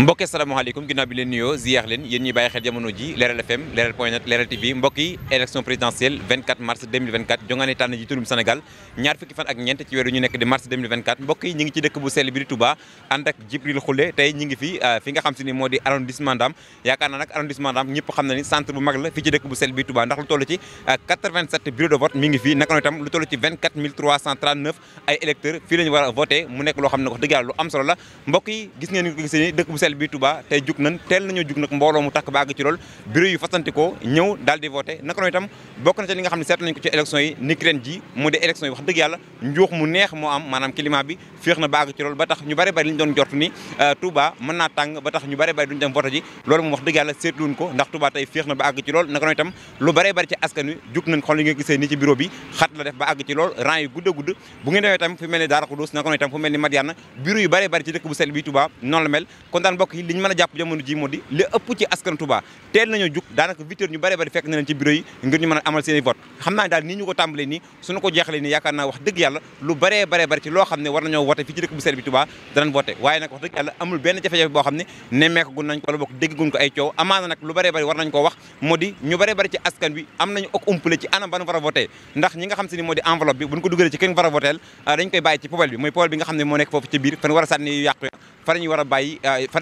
mbokk yi asalaamaaleykum ginnaaw bi leen nuyoo ziyaar leen yéen ñi bàyyi xel jamono ji Leral FM Leral point net TV mbokk élection présidentielle mars 2024 jongaane tànn ji turum Sénégal ñaar fukki fan ak ñeent ci weeru ñu nekk di mars 2024 ñi ngi ci dëkk bu sell bi di Touba ànd ak Jibril Khoule tey ñi ngi fi euh, fi nga xam si ni moo di arrondissement Ndam yaakaar naa nag arrondissement Ndam ñëpp xam na ni centre bu mag la fii ci dëkk bu sell bi Touba ndax hôtel bi Touba tey jug nañ teel ba àgg ci lool bureau yu fasantikoo ñëw daal di voté naka na ci li nga xam ne seet nañ ko ci élection ni ki ren na ba ba tax ñu bare bari li ñu doon jortu ni euh, Touba mën naa tàng ba tax ñu bare bare ci askan wi jug nañ xool nga gisee nii ci bureau bi xat la def ba àgg ci lool rang yi gudd a gudd bu ngeen demee itam fu mel ni Daara Xudus naka noonu itam fu mel ni Madiana bureau yu bare bari ci dëkk bu sell bi Touba noonu la mel kon mbokk yi li ñu mën a jàpp jamono ji moo di ëpp ci askan Touba teel nañoo jug daanaka huit ñu bare bari fekk na ci bureau yi ngir ñu mën a amal seen vote xam naa daal nii ñu ko tàmbalee nii suñu ko jeexalee nii yaakaar naa wax dëgg yàlla lu baree baree bari ci loo xam ne war nañoo ko wax moo di ñu baree bari ci askan bi am nañu ok umpale ci anam ba nu war a vote ndax ñi nga xam se moo di enveloppe bi buñ ko dugalee ci kenn war a votel ah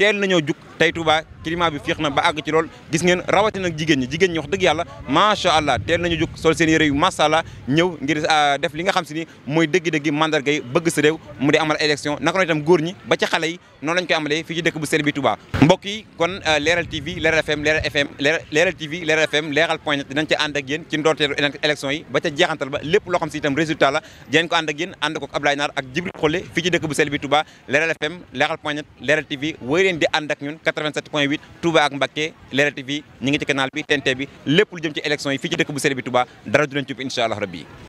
teel nañoo jug tey Touba climat bi féex na ba àgg ci lool gis ngeen rawatina nag jigéen ñi jigéen ñi wax dëgg yàlla macha allah teel nañu jug sol seen yére yu macha allah ñëw ngir ah, def li nga xam si ni mooy dëgg-dëgg mandarga bëgg sa réew mu di amal élection naka noonu itam góor ñi ba ci xale yi noonu lañ koy amalee fii ci dëkk bu sell bi Touba mbokk yi kon euh, Leral TV Leral FM Leral FM Leral TV Leral FM Leral point net dinañ ci ànd ak yéen ci ndoorteelu élection yi ba ngeen di ànd ak ñun 87 point 8 Touba ak Mbacké Leral TV ñi ngi bi TNT bi lépp lu jëm ci élection yi fii ci dëkk bu sell bi Touba dara du leen insha allah rabbi